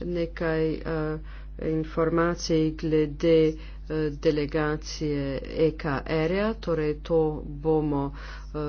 nekaj uh, informacij glede uh, delegacije EKR-ja, torej to bomo. Uh,